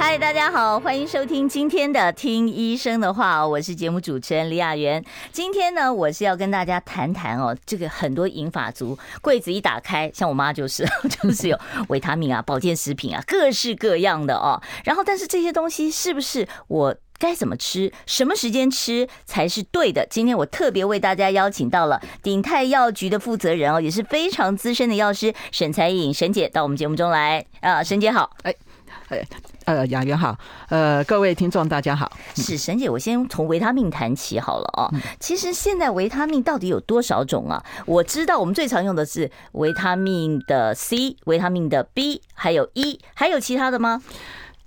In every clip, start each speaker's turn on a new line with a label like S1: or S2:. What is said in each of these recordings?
S1: 嗨，大家好，歡迎收聽今天的《聽醫生的話》，我是節目主持人李雅媛。今天呢，我是要跟大家談談哦，這個很多銀髮族櫃子一打開，像我媽就是，就是有維他命啊、保健食品啊，各式各樣的哦。然後，但是這些東西是不是我該怎麼吃，什麼時間吃才是對的？今天我特別為大家邀請到了鼎泰藥局的負責人哦，也是非常資深的藥師沈采穎沈姐到我們節目中來啊，沈姐好，哎，哎。呃，雅媛好，呃，各位聽眾大家好。是沈姐，我先從維他命談起好了哦。其實現在維他命到底有多少種啊？我知道我們最常用的是維他命的 C、維他命的 B，還有 E，還有其他的嗎？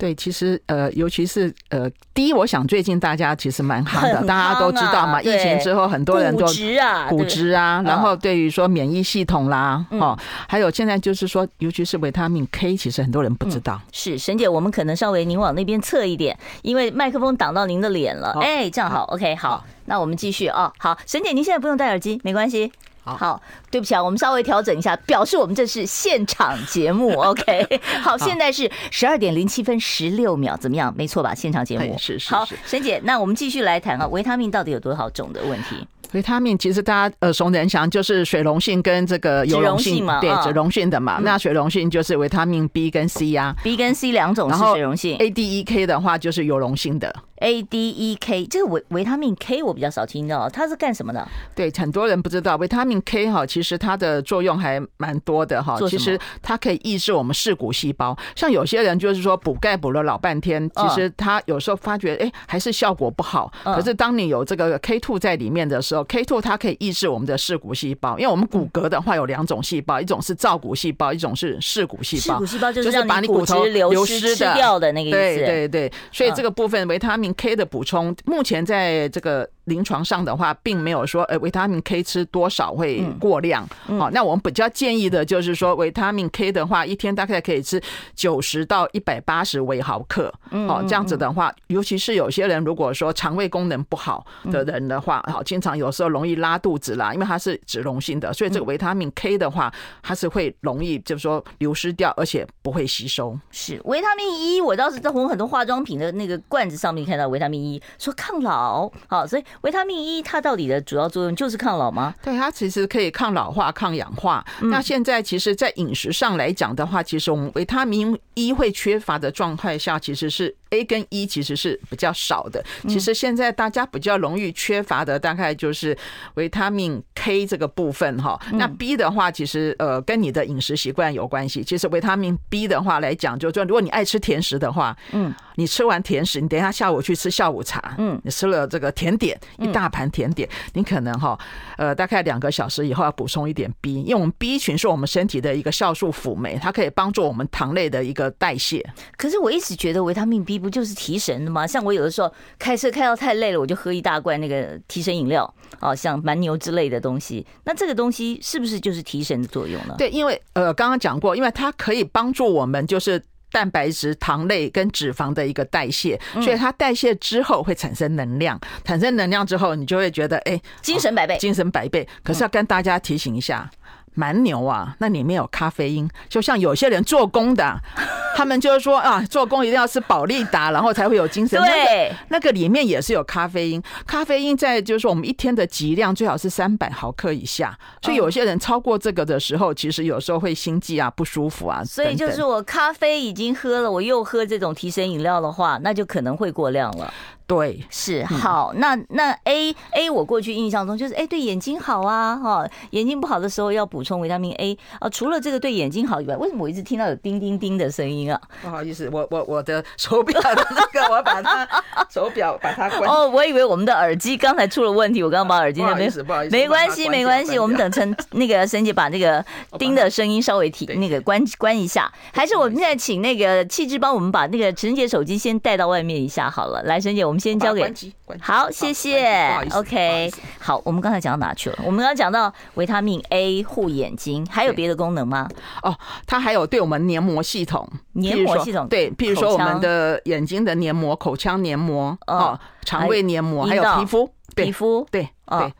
S1: 對，其實呃，尤其是呃，第一，我想最近
S2: 大家其實蠻好的，啊，大家都知道嘛，疫情之後很多人都骨質啊，骨質啊，然後對於說免疫系統啦、嗯，哦，還有現在就是說，尤其是維他命 K，其實很多人不知道。嗯、
S1: 是，沈姐，我們可能稍微您往那邊側一點，因為麥克風擋到您的臉了。哎，這樣好，好，OK，好，那我們繼續啊，哦。好，沈姐，您現在不用戴耳機，沒關係。好，對不起啊，我們稍微調整一下，表示我們這是現場節目 ，OK。好，現在是十二點零七分十六秒，怎麼樣？沒錯吧？現場節目。是，是是。好，沈姐，那我們繼續來談啊，維他命到底有多少種的問題？
S2: 維他命其實大家呃，耳熟能詳就是水溶性跟這個油溶性嘛，對，脂溶性的嘛、嗯。那水溶性就是維他命 B 跟
S1: C 呀、啊，B 跟 C 兩種是水溶性，然後 A、D、E、K 的話就是油溶性的。A D E K，這個維維他命 K 我比較少聽到，它是幹什麼的？對，很多人不知道維他命
S2: K 哈，其實它的作用還蠻多的哈。其實它可以抑制我們視骨細胞。像有些人就是說補鈣補了老半天，其實他有時候發覺哎、嗯欸，還是效果不好。可是當你有這個 K two 在裡面的時候，嗯，K two 它可以抑制我們的視骨細胞。因為我們骨骼的話有兩種細胞，一種是造骨細胞，一種是視骨細胞。視骨細胞就是把你骨頭流失掉的那個意思。對對對，所以這個部分維，嗯，他命。K 的補充，目前在這個。臨床上的話，並沒有說呃，維他命 K 吃多少會過量、嗯嗯。哦，那我們比較建議的就是說，維他命 K 的話，一天大概可以吃九十到一百八十微毫克、嗯嗯。哦，這樣子的話，尤其是有些人如果說腸胃功能不好的人的話，好、嗯哦，經常有時候容易拉肚子啦，因為它是脂溶性的，所以這個維他命 K 的話，它是會容易就是說流失掉，而且不會吸
S1: 收。是，維他命 E 我倒是在很多化妝品的那個罐子上面看到維他命 E 說抗老，好，所以。維他命 E 它到底的主要作用就是抗老嗎？對，它其實可
S2: 以抗老化、抗氧化、嗯。那現在其實，在飲食上來講的話，其實我們維他命 E 會缺乏的狀態下，其實是。A 跟 E 其實是比較少的，其實現在大家比較容易缺乏的大概就是維他命 K 這個部分哈。那 B 的話，其實呃跟你的飲食習慣有關係。其實維他命 B 的話來講，就說如果你愛吃甜食的話，嗯，你吃完甜食，你等一下下午去吃下午茶，嗯，你吃了這個甜點一大盤甜點，你可能哈呃大概兩個小時以後要補充一點 B，因為我們 B 群是我們身體的一個酵素輔酶，它可以幫助我們糖類的
S1: 一個代謝。可是我一直覺得維他命 B。不就是提神的嗎？像我有的時候開車開到太累了，我就喝一大罐那個提神飲料，哦、啊，像蠻牛之類的東西。那這個東西是不是就是提神的作用呢？對，因為呃，剛剛講過，因為它可以幫助我們就
S2: 是蛋白質、糖類跟脂肪的一個代謝，所以它代謝之後會產生能量，產生能量之後你就會覺得哎、欸，精神百倍、哦，精神百倍。可是要跟大家提醒一下。嗯。蠻牛啊，那裡面有咖啡因，就像有些人做工的， 他們就是說啊，做工一定要吃保力達，然後才會有精神。對、那個，那個裡面也是有咖啡因，咖啡因在就是說我們一天的劑量最好是三百毫克以下，所以有些人超過這個的時候，嗯、其實有時候會心悸啊，不舒服啊等等。所以就是
S1: 我咖啡已經喝了，我又喝這種提神飲料的話，那就可能會過量了。對，是、嗯、好。那那 A A，我過去印象中就是哎，對眼睛好啊，哈，眼睛不好的時候要補充維他命 A 啊。除了這個對眼睛好以外，為什麼我一直聽到有叮叮叮的聲音啊？不好意思，我我我的手表的那個， 我把它手表把它關。 哦，我以為我們的耳機剛才出了問題， 我剛剛把耳機、啊、那邊。沒關係，沒關係。我們等陳 那個沈姐把那個叮的聲音稍微提， 那個關關一下。還是我們現在請那個氣質幫我們把那個陳姐手機先帶到外面一下好了。來，沈姐，我們。先交給，關機關機，好，謝謝，好 okay, 好，OK，好。我們剛才講到哪去了？我們剛講到維他命 A 護眼睛，還有別的功能嗎？哦，它還有對我們黏膜系統，
S2: 黏膜系統譬對，譬如說我們的眼睛的黏膜、口腔黏膜、哦，哦，腸胃黏膜，還有皮膚，皮膚，
S1: 對、哦，對，對。哦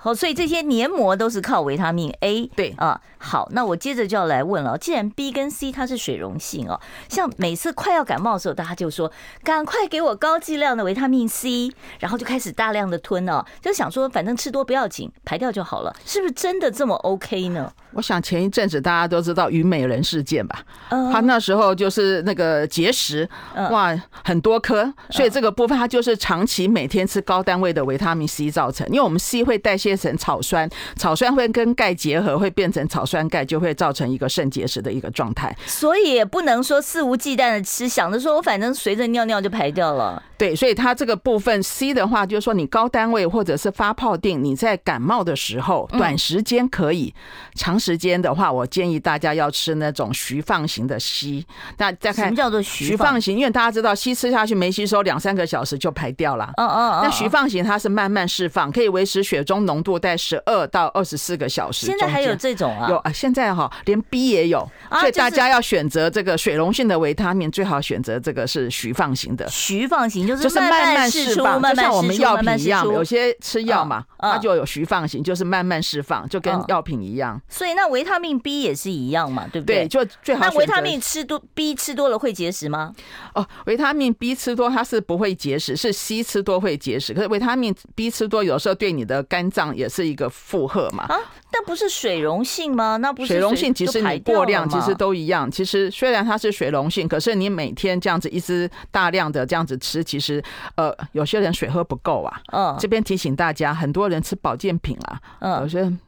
S1: 好，哦，所以這些黏膜都是靠維他命 A。對啊，好，那我接着就要來問了。既然 B 跟 C 它是水溶性哦，像每次快要感冒的時候，大家就說趕快給我高劑量的維他命 C，然後就開始大量的吞哦，就想說反正吃多不要緊，排掉就好了，是不是真的這麼 OK 呢？我想前一陣子大家都知道虞美人事件吧？嗯，他那時候
S2: 就是那個結石，嗯，哇，很多顆，所以這個部分它就是長期每天吃高單位的維他命 C 造成，因為我們 C 會代謝。成草酸，草酸會跟鈣結合，會變成草酸鈣，就會造成一個腎結石的一個狀態。
S1: 所以也不能說肆無忌憚的吃，想着說我反正隨着尿尿就排掉了。對，所以它這個部分
S2: C 的話，就是說你高單位或者是發泡錠，你在感冒的時候短時間可以，嗯，長時間的話，我建議大家要吃那種徐放型的 C，嗯。那再看什麼叫做徐放型，因為大家知道 C 吃下去沒吸收，兩三個小時就排掉了。嗯嗯。那徐放型它是慢慢釋放，可以維持血中濃。濃度在十二到二十四個小時。現在還有這種啊？有啊！現在哈、喔，連 B 也有，所以大家要選擇這個水溶性的維他命，最好選擇這個是徐放型的。徐放型就是就是慢慢釋放，就像我們藥品一樣，有些吃藥嘛，它就有徐放型，就是慢慢釋放，就跟藥品一樣。所以那維他命 B 也是一樣嘛，對不對？對，就最好。那維他命吃多 B 吃多了會結石嗎？哦，維他命 B 吃多它是不會結石，是 C 吃多會結石。可是維他命 B 吃多有時候對你的肝臟。也是一個負荷嘛，
S1: 啊，但不是水溶性嗎？那不是水溶性，其實你過量其實都
S2: 一樣。其實雖然它是水溶性，可是你每天這樣子一直大量的這樣子吃，其實呃，有些人水喝不夠啊。嗯，這邊提醒大家，很多人吃保健品啊，嗯，有些人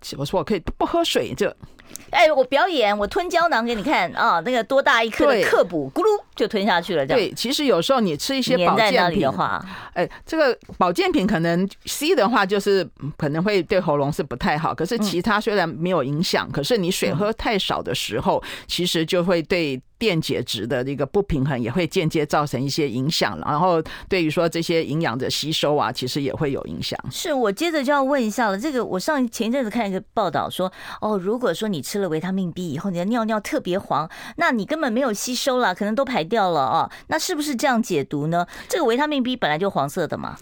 S2: 怎麼說，我
S1: 說我可以不喝水這。哎，我表演，我吞膠囊給你看啊、哦，那個多大一顆的克補，咕嚕就吞下去了這樣。對，其實有時候你吃一些保健品粘在那裡的話，哎，
S2: 這個保健品可能 C 的話就是可能會對喉嚨是不太好。可是其他雖然沒有影響、嗯，可是你水喝太少的時候，嗯、其實就會對。電解質的這個不平衡也會間接造成一些影響，然後對於說這些營養的吸收啊，其實也會有影響。
S1: 是我接着就要問一下了，這個我上前一陣子看一個報道說，哦，如果說你吃了維他命 B 以後，你的尿尿特別黃，那你根本沒有吸收啦，可能都排掉了啊、哦，那是不是這樣解讀呢？這個維他命 B 本來就黃色的嘛？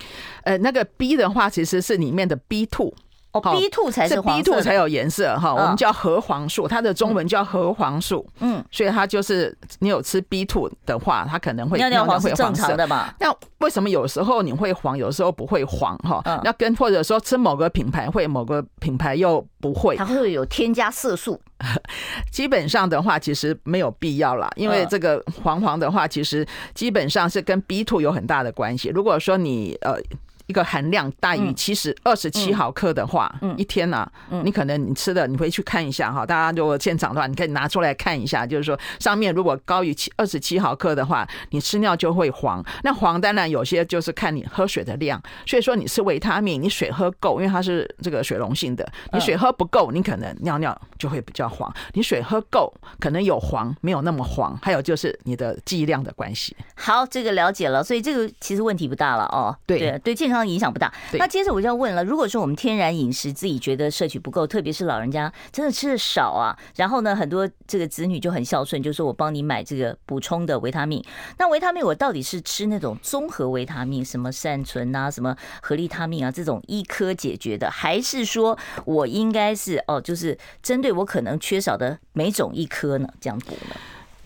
S1: 呃，那個 B 的話，其實是裡面的 B two。Oh, B two 才是黃，是 B two 才有
S2: 顏色哈、嗯哦，我們叫核黃素，它的中文叫核黃素。嗯，所以它就是你有吃 B two 的話，它可能會尿尿黃會黃色的嘛那為什麼有時候你會黃，有時候不會黃哈、哦嗯？那跟或者說吃某個品牌會，某個品牌又不會？它會有添加色素。基本上的話，其實沒有必要了，因為這個黃黃的話，其實基本上是跟 B two 有很大的關係。如果說你呃。一個含量大於七十，嗯、二十七毫克的話，嗯、一天呢、啊嗯，你可能你吃的，你回去看一下哈，大家如果現場的話，你可以拿出來看一下，就是說上面如果高於七二十七毫克的話，你吃尿就會黃。那黃當然有些就是看你喝水的量，所以說你吃維他命，你水喝夠，因為它是這個水溶性的，你水喝不夠，你可能尿尿就會比較黃。嗯、你水喝夠，可能有黃，沒有那麼黃。還有就
S1: 是你的劑量的關係。好，這個了解了，所以這個其實問題不大了哦。對對，對健康。影響不大。那接着我就要問了，如果說我們天然飲食自己覺得攝取不夠，特別是老人家真的吃得少啊，然後呢，很多這個子女就很孝順，就說我幫你買這個補充的維他命。那維他命我到底是吃那種綜合維他命，什麼善存啊，什麼合利他命啊，這種一顆解決的，還是說我應該是哦，就是針對我可能缺少的每種一顆呢，這樣補呢？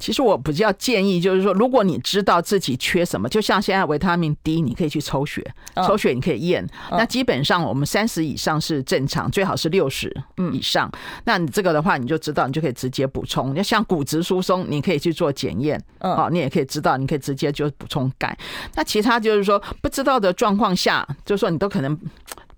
S1: 其實我比
S2: 較建議，就是說，如果你知道自己缺什麼，就像現在維他命 D，你可以去抽血，抽血你可以驗，嗯。那基本上我們三十以上是正常，最好是六十以上，嗯。那你這個的話，你就知道，你就可以直接補充。像骨質疏鬆，你可以去做檢驗，嗯，哦，你也可以知道，你可以直接就補充鈣。那其他就是說，不知道的狀況下，就是說你都可能。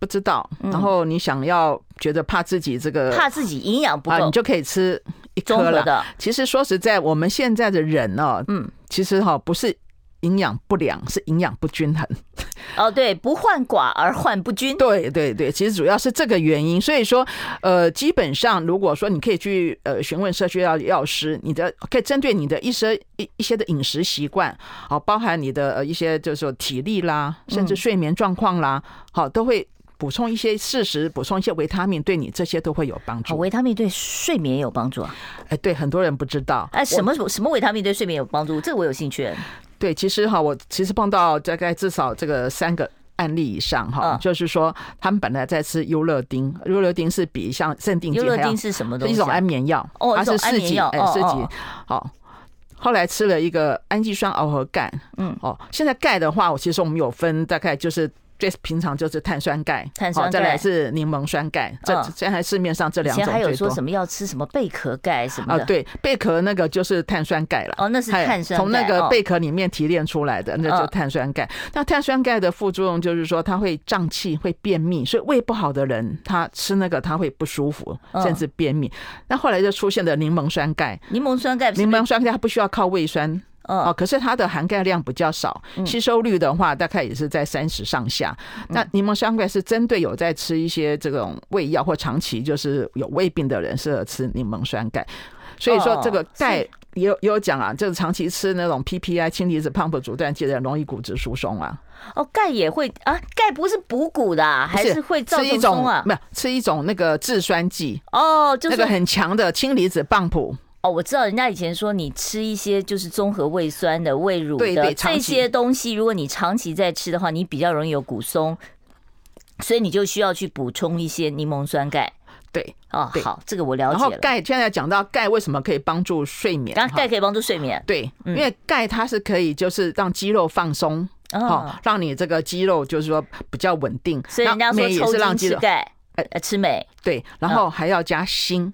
S2: 不知道，然後你想要覺得怕自己這個怕自己營
S1: 養不夠、啊，你就
S2: 可以吃一顆了。其實說實在，我們現在的人哦、啊，嗯，其實哈不是營養不良，是營養不均衡。哦，對，不患寡而患不均。 對對對，其實主要是這個原因。所以說，呃，基本上如果說你可以去呃詢問社區藥藥師，你的可以針對你的一些一一些的飲食習慣，好，包含你的一些就是體力啦，甚至睡眠狀況啦，好，都會。補充一些事實，補充一些維他命，對你這些都會有幫助。哦，維他命對睡眠有幫助啊？哎、欸，對，很多人不知道。哎、啊，什麼什麼維他命對睡眠有幫助？這個我有興趣。對，其實哈，我其實碰到大概至少這個三個案例以上哈、哦，就是說他們本來在吃悠樂丁，悠樂丁是比像鎮定劑，悠樂丁是什麼東西？一種安眠藥，哦，一種安眠藥、哦，哎，安眠藥。好，後來吃了一個氨基酸螯合鈣。嗯，哦，現在鈣的話，我其實我們有分大概就是。這平常就是碳酸鈣，好、哦，再來是檸檬酸鈣、哦，這現在市面上這兩種最多。還有說什麼要吃什麼貝殼鈣？什麼的、哦？對，貝殼那個就是碳酸鈣了。哦，那是碳酸，從那個貝殼裡面提煉出來的，哦、那就碳酸鈣、哦。那碳酸鈣的副作用就是說，它會脹氣，會便秘，所以胃不好的人他吃那個他會不舒服，哦、甚至便秘。那後來就出現了檸檬酸鈣，檸檬酸鈣，檸檬酸鈣它不需要靠胃酸。哦，可是它的含鈣量比較少，吸收率的話大概也是在三十上下。嗯、那檸檬酸鈣是針對有在吃一些這種胃藥或長期就是有胃病的人，適合吃檸檬酸鈣。所以說這個鈣也有，也有講啊、哦，就是長期吃那種 PPI 氫離子泵浦阻斷劑的，容易骨質疏鬆啊。哦，鈣也會
S1: 啊？鈣不是補骨的、啊，還是會造成？啊？吃一種啊？沒
S2: 有，吃一種那個制酸劑哦，就是那個很強的氫離子泵浦。
S1: 哦，我知道，人家以前說你吃一些就是綜合胃酸的、胃乳的對對對，這些東西，如果你長期在吃的話，你比較容易有骨鬆，所以你就需要去補充一些檸檬酸鈣。對，哦，好，這個我了解。然後鈣，現在講到鈣為什麼可以幫助睡眠？鈣可以幫助睡眠、哦。對，
S2: 因為鈣它是可以就是讓肌肉放鬆、嗯，哦，讓你這個肌肉就是說比較穩定。所以人家說抽筋吃鈣，呃，吃鎂。對，然後還要加鋅。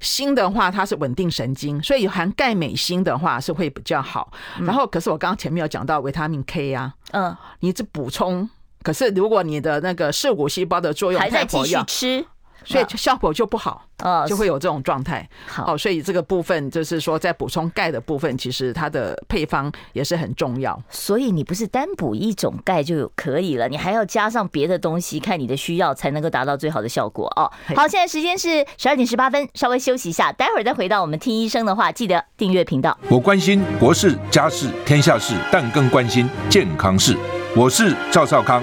S2: 鋅的話，它是穩定神經，所以含鈣鎂鋅的話是會比較好。嗯、然後，可是我剛剛前面有講到維他命 K 啊，嗯，你只補充，可是如果你的那個蝕骨細胞的作用太還在繼續吃。所以效果就不好，呃，就會有這種狀態。好，所以這個部分就是說，在補充鈣的部分，其
S1: 實它的配方也是很重要。所以你不是單補一種鈣就可以了，你還要加上別的東西，看你的需要，才能夠達到最好的效果。哦，好，現在時間是十二點十八分，稍微休息一下，待會兒再回到我們聽醫生的話，記得訂閱頻道。
S3: 我關心國事、家事、天下事，但更關心健康事。我是趙少康。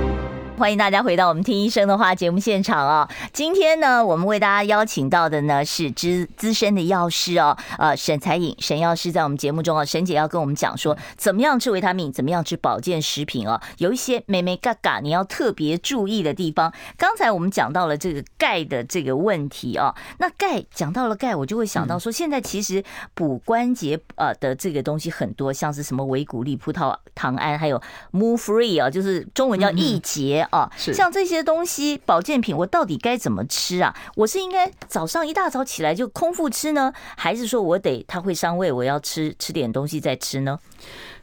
S1: 歡迎大家回到我們聽醫生的話節目現場啊、哦！今天呢，我們為大家邀請到的呢是資資深的藥師哦，呃，沈采穎沈藥師在我們節目中啊、哦，沈姐要跟我們講說怎麼樣吃維他命，怎麼樣吃保健食品哦，有一些妹妹嘎嘎你要特別注意的地方。剛才我們講到了這個鈣的這個問題哦，那鈣講到了鈣，我就會想到說，現在其實補關節呃的這個東西很多，像是什麼維骨力葡萄糖胺，還有 Move Free 哦，就是中文叫益捷哦。啊、哦，像這些東西保健品，我到底該怎麼吃啊？我是應該早上一大早起來就空腹吃呢，還是說我得它會傷胃，我要吃吃點東西再吃呢？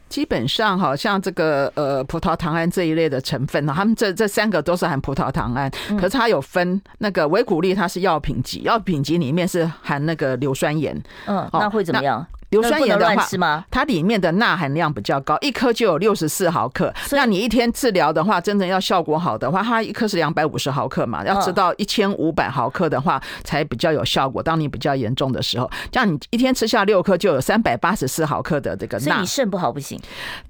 S1: 基本上，好像這個呃葡萄糖胺這一類的成分呢，他們這這三個都是含
S2: 葡萄糖胺，嗯、可是它有分那個維骨力，它是藥品級，藥品級裡面是含那個硫酸鹽，嗯，那會怎麼樣？哦硫酸鹽的話吃嗎？它裡面的鈉含量比較高，一顆就有六十四毫克所以，那你一天治療的話，真正要效果好的話，它一顆是兩百五十毫克嘛，要吃到一千五百毫克的話，才比較有效果。當你比較嚴重的時候，這樣你一天吃下六顆，就有三百八十四毫克的這個，鈉。那你腎不好不行。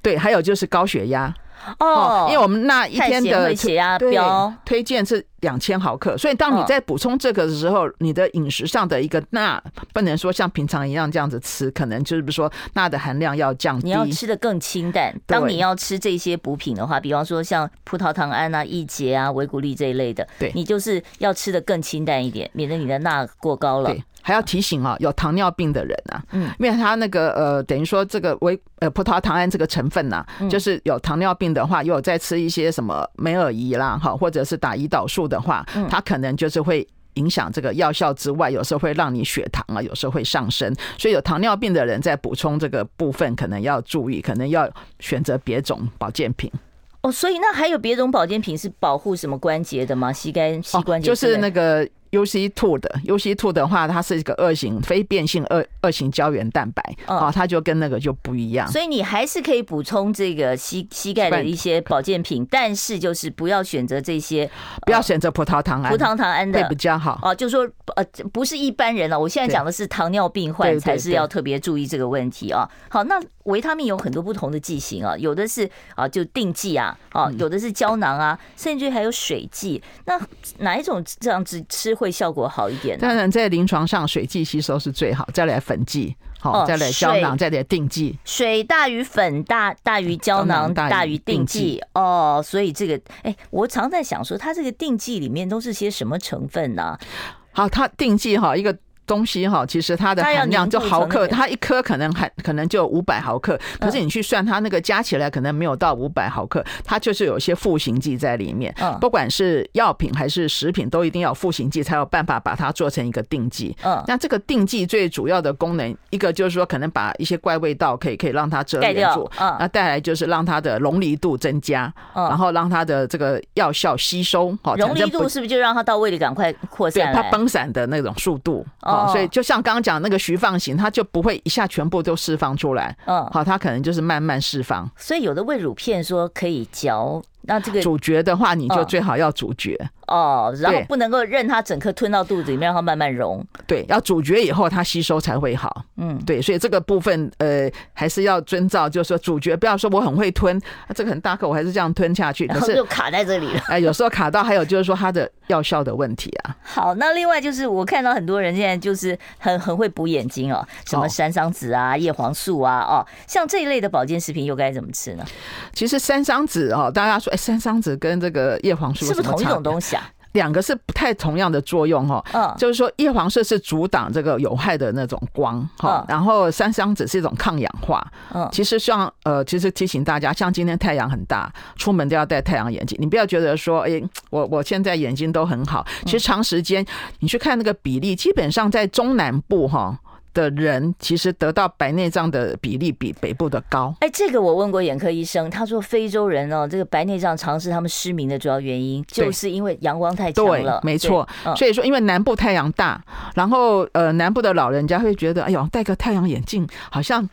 S2: 對，還有就是高血壓。
S4: 哦，因為我們鈉一天的血壓、啊、標
S2: 推薦是兩千毫克，所以當你在補充這個的時候，哦、你的飲食上的一個鈉
S1: 不能說像平常一樣這樣子吃，可能就是比如說鈉的含量要降低，你要吃的更清淡。當你要吃這些補品的話，比方說像葡萄糖胺啊、益節啊、維骨力這一類的，對你就是要吃的更清淡一點，免得你的鈉過高了。還要提醒啊、哦，有糖尿病的人啊、嗯，
S2: 因為他那個呃，等於說這個維呃葡萄糖胺這個成分呢、啊嗯，就是有糖尿病的話，又有在吃一些什麼美爾儀啦哈，或者是打胰島素的話，它可能就是會影響這個藥效之外，有時候會讓你血糖啊，有時候會上升。所以有糖尿病的人在補充這個部分，可能要注意，可能要選擇別種保健品。
S1: 哦，所以那還有別種保健品是保護什麼關節的嗎？膝蓋、膝關節？哦、就是那個。UC two 的 UC two 的話，它是一個二
S2: 型非變性二二型膠原蛋白啊、嗯，它就跟那個就不一樣。所
S1: 以你還是可以補充這個膝膝蓋的一些保健品、嗯，但是就是不要選擇這些，不要選擇葡萄糖胺，葡萄糖胺的會比較好。哦、啊，就說呃，不是一般人了，啊，我現在講的是糖尿病患對對對對，才是要特別注意這個問題啊。好，那維他命有很多不同的劑型啊，有的是啊就錠劑啊，啊有的是膠囊啊，甚至還有水劑、嗯。那哪一種這樣子吃？會效果好一點、啊，
S2: 當然在臨床上，水劑吸收是最好，再來粉劑，好、哦，再來膠囊，再來錠劑，
S1: 水大於粉大，大於膠囊，囊大於錠劑哦。所以這個，哎、欸，我常在想說，它這個錠劑裡面都是些什麼成分呢、啊？好，它錠劑哈、哦、一個。東西
S2: 哈，其實它的含量就毫克，它一顆可能含可能就五百毫克，可是你去算它那個加起來可能沒有到五百毫克，它就是有一些賦形劑在裡面。嗯，不管是藥品還是食品，都一定要賦形劑才有辦法把它做成一個錠劑。嗯，那這個錠劑最主要的功能，一個就是說可能把一些怪味道可以可以讓它遮蓋住，嗯，那帶來就是讓它的溶離度增加，然後讓它的這個藥效吸收。好，溶離度是不是
S1: 就讓它到胃裡趕快擴散？它崩
S2: 散的那種速度、喔。所以，就像剛剛講那個徐放型，他就不會一下全部都釋放出來。嗯，好，他可能就是慢慢釋
S1: 放，哦。所以有的胃乳片說可以嚼。那這個咀嚼的話，你就最好要咀嚼哦，哦，然後不能夠任它整顆吞到肚子裡面，讓它慢慢溶。對，要咀嚼以
S2: 後它吸收才會好。嗯，對，所以這個部分呃，還是要遵照，就是說咀嚼不要說我很會吞，啊、這個很大顆，我還是這樣吞下去，可是然後就
S1: 卡在這裡
S2: 了。哎、呃，有時候卡到，還有就是說它的藥效的問題啊。
S1: 好，那另外就是我看到很多人現在就是很很會補眼睛哦，什麼山桑子啊、葉黃素啊，哦，哦，像這一類的保健食品又該怎麼吃呢？其實山桑子哦，大家說。山桑子跟這個葉黃素是不是同一種東
S2: 西啊？兩個是不太同樣的作用哦。Uh, 就是說葉黃素是阻擋這個有害的那種光哈，uh, 然後山桑子是一種抗氧化。嗯, uh, 其實像呃，其實提醒大家，像今天太陽很大，出門都要戴太陽眼鏡。你不要覺得說，哎，我我現在眼睛都很好。其實長時間你去看那個比例，基本上在中南部哈、哦。的人其實得到白內障的比例比北部的高。
S1: 哎，這個我問過眼科醫生，他說非洲人哦、喔，這個白內障常是他們失明的主要原因，就是因為陽光太強了。對，沒錯，所以說
S2: 因為南部太陽大，然後呃南部的老人家會覺得，哎呦，戴個太陽眼鏡好像。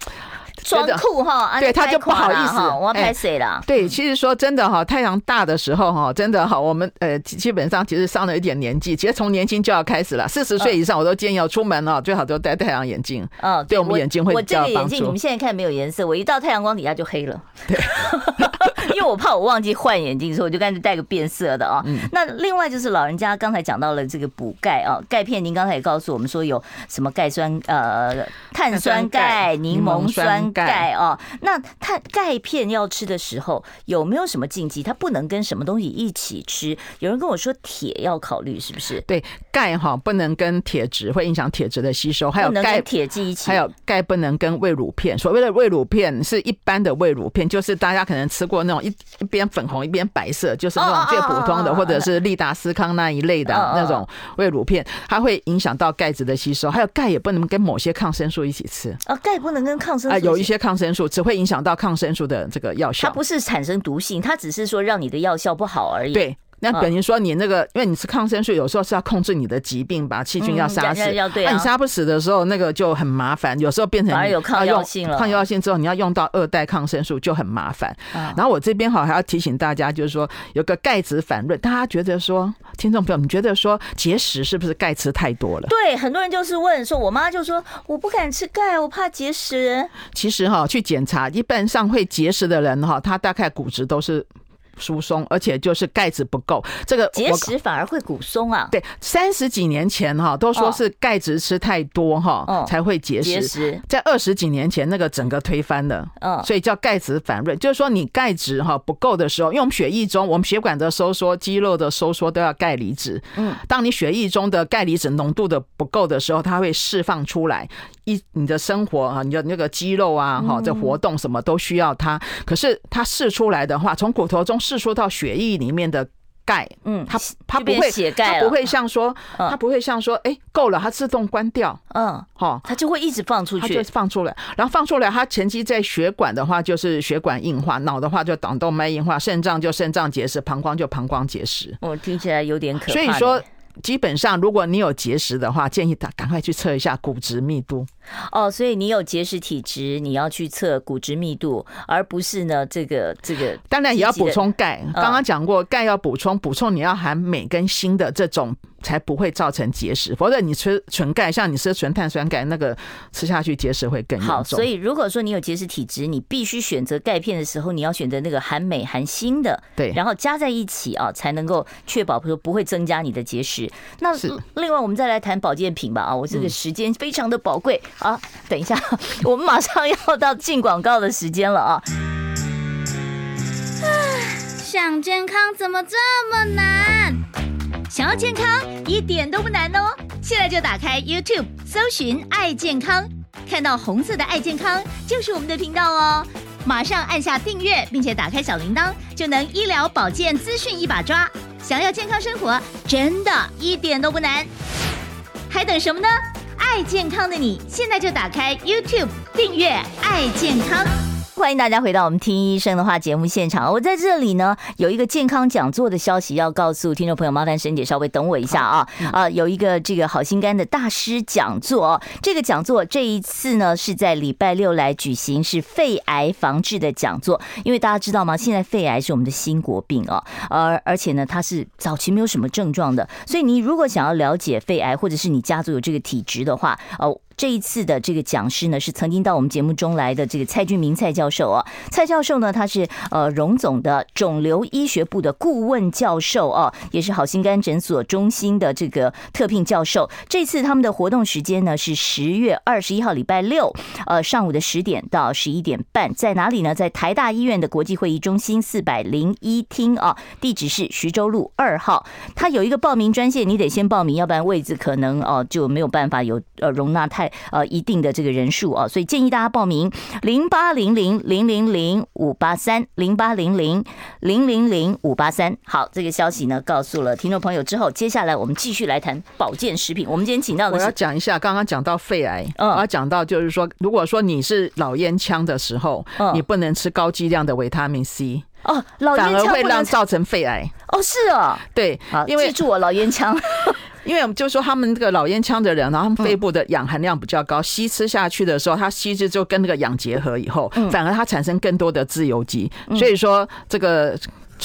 S1: 裝酷哈，對，他就不好意思、欸、我要拍誰了？
S2: 對、嗯，其實說真的哈，太陽大的時候哈，真的哈，我們呃基本上其實上了一點年紀，其實從年輕就要開始了。四十歲以上，我都建議要出門、哦、最好都戴太陽眼鏡。
S1: 嗯、哦，對我們眼睛會比較有幫助。我，我這個眼鏡你們現在看沒有顏色，我一到太陽光底下就黑了。對， 因為我怕我忘記換眼鏡的以候，所以我就乾脆戴個變色的啊、哦嗯。那另外就是老人家剛才講到了這個補鈣啊，鈣、哦、片，您剛才也告訴我們說有什麼鈣酸呃碳酸鈣、檸檬酸。檸檸酸檸檸酸鈣哦，那它鈣片要吃的時候有沒有什麼禁忌？它不能跟什麼東西一起吃？有人跟我說鐵要考慮是不是？對，鈣哈不能跟鐵質會影響鐵質的吸
S2: 收，還有鈣鐵劑一起，還有鈣不能跟胃乳片。所謂的胃乳片是一般的胃乳片，就是大家可能吃過那種一一邊粉紅一邊白色，就是那種最普通的，哦哦哦哦哦哦，或者是利達斯康那一類的那種胃乳片，它會影響到鈣質的吸收。還有鈣也不能跟某些抗生素一起吃
S1: 啊，鈣不能跟抗生素？啊，有。有一些
S2: 抗生素只會影響到抗生素的這個藥效，它不
S1: 是產生毒性，它只是說讓你的藥效不好而已。對。那等於
S2: 說你那個，因為你吃抗生素，有時候是要控制你的疾病，把細菌要殺死、啊。那你殺不死的時候，那個就很麻煩。有時候變成有抗藥性了。抗藥性之後，你要用到二代抗生素就很麻煩。然後我這邊好還要提醒大家，就是說有個鈣質反論。大家覺得說，聽眾朋友，你覺得說結石是不是鈣質太多了？
S1: 對，很多人就是問說，我媽就說我不敢吃鈣，我怕結石。
S2: 其實哈，去檢查一般上會結石的人哈，他大概骨質都是。疏鬆，而且就是鈣質不夠，這個結石反而會骨鬆啊。對，三十幾年前哈都說是鈣質吃太多哈才會結石，在二十幾年前那個整個推翻的，嗯，所以叫鈣質反潤，就是說你鈣質哈不夠的時候，因為我們血液中我們血管的收縮、肌肉的收縮都要鈣離子，嗯，當你血液中的鈣離子濃度的不夠的時候，它會釋放出來，一你的生活啊，你的那個肌肉啊，哈這活動什麼都需要它，可是它釋出來的話，從骨頭中。是說到血液裡面的鈣，嗯，它它不會，它不會像說，嗯、它不會像說，哎、欸，夠了，它自動關掉，嗯，好、哦、它就會一直放出去，它就放出來，然後放出來，它前期在血管的話就是血管硬化，腦的話就腦動脈硬化，腎臟就腎臟結石，膀胱就膀胱結石，我、哦、聽起來有點可怕。所以說，基本上如果你有結石的話、嗯，建議他趕快去測一下骨質密度。
S1: 哦，所以你有結石體質，你要去測骨質密度，而不是呢這個這個。當然也要補充
S2: 鈣，剛剛講過鈣要補充，補充你要含鎂跟鋅的這種，才不會造成結石。否則你吃純鈣，像你吃純碳酸鈣，那個吃下去結石會更嚴重。所以
S1: 如果說你有結石體質，你必須選擇鈣片的時候，你要選擇那個含鎂含鋅的，對，然後加在一起啊、哦，才能夠確保說不會增加你的結石。那另外我們再來談保健品吧啊，我這個時間非常的寶貴。嗯啊，等一下，我們馬上要到進廣告的時間了啊！啊，想健康怎麼這麼難？想要健康一點都不難哦，現在就打開 YouTube 搜尋“愛健康”，看到紅色的“愛健康”就是我們的頻道哦。馬上按下訂閱，並且打開小鈴鐺，就能醫療保健資訊一把抓。想要健康生活，真的，一點都不難，還等什麼呢？愛健康的你，現在就打開 YouTube 訂閱愛健康。歡迎大家回到我們聽醫生的話節目現場，我在這裡呢有一個健康講座的消息要告訴聽眾朋友。麻煩沈姐稍微等我一下啊啊，有一個這個好心肝的大師講座，這個講座這一次呢是在禮拜六來舉行，是肺癌防治的講座，因為大家知道嗎？現在肺癌是我們的新國病啊，而而且呢它是早期沒有什麼症狀的，所以你如果想要了解肺癌，或者是你家族有這個體質的話，哦。這一次的這個講師呢，是曾經到我們節目中來的這個蔡俊明蔡教授啊。蔡教授呢，他是呃榮總的腫瘤醫學部的顧問教授啊，也是好心肝診所中心的這個特聘教授。這次他們的活動時間呢是十月二十一號禮拜六，呃上午的十點到十一點半，在哪裡呢？在台大醫院的國際會議中心四百零一廳啊。地址是徐州路二號。他有一個報名專線，你得先報名，要不然位置可能哦就沒有辦法有呃容納太。呃，一定的這個人數啊，所以建議大家報名零八零零零零零五八三零八零零零零零五八三。好，這個消息呢，告訴了聽眾朋友之後，接下來我們繼續來談保健食品。我們今天請到的是，我要講一下，剛剛講到肺
S2: 癌，嗯、我要講到就是說，如果說你是老煙槍的時候、嗯，你不能吃高劑量的維他命 C 哦、嗯，老煙槍會讓造成肺癌哦，是哦，對，好，記住我老煙槍。 因為我們就說他們這個老煙槍的人，然後他們肺部的氧含量比較高，嗯、吸吃下去的時候，他吸脂就跟那個氧結合以後，嗯、反而他產生更多的自由基，嗯、所以說這個。